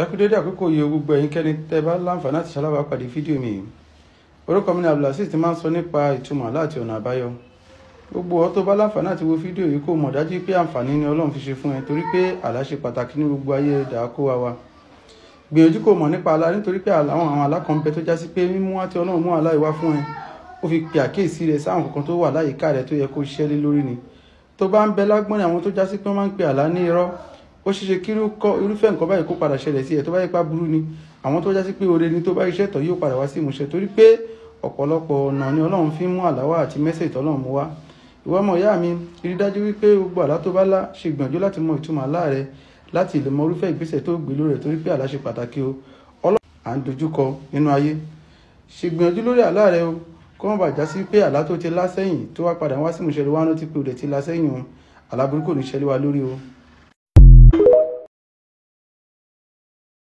ẹ kú dédé àkókò yìí gbogbo ẹ̀yìnkẹ́ni tẹ́ bá láǹfààní àti ṣalábà pàdé fídíò mi orúkọ mi ni Abdulaziz ti máa ń sọ nípa ìtumọ̀ láti ọ̀nà àbáyọ gbogbo ọ tó bá láǹfààní àti wo fídíò yìí kò mọ̀ dájú pé àǹfààní ni Ọlọ́run fi ṣe fún ẹ torí pé àlá ṣe pàtàkì ní gbogbo ayé ẹ̀dá kó wa wa gbìyànjú kò mọ̀ nípa àlá nítorí pé àwọn àwọn alákọ̀ọ́nbẹ tó já sí pé mímú àti Ọlọ́run mú àlá ìwá fún tó bá ń bẹ lágbọ́n ní àwọn tó já sí pé wọ́n máa ń pe àlá ní irọ́ ó ṣeéṣe kí irúfẹ́ nǹkan báyìí kó padà ṣẹlẹ̀ sí ẹ̀ tó bá yẹ pa burú ni àwọn tó jásí pé oore ni tó bá iṣẹ́ tán yóò padà wá sí ìmúṣẹ torí pé ọ̀pọ̀lọpọ̀ ọ̀nà ni ọlọ́run fi ń mú àláwà àti mẹ́sẹ̀jì tọ́lọ́run mú wá ìwọ ọmọ ìyá mi rí dájú wípé gbogbo àlá tó bá lá ṣe gbìyànjú láti mọ ìtumọ̀ àlá rẹ láti lè mọ irúfẹ́ ìgbésẹ̀ tó gbé lórí rẹ̀ torí pé àlá ṣe pàtàkì o ọlọ́run à ń dojúkọ nínú ayé ṣe gbìyànjú lórí àlá rẹ o kó má bàa já sí pé àlá tó ti lá sẹ́yìn tó wá padà wá sí ìmúṣẹ ló wá rántí rẹ̀ ti lá sẹ́yìn o àlá burúkú ní ṣẹlẹ̀ wa lórí o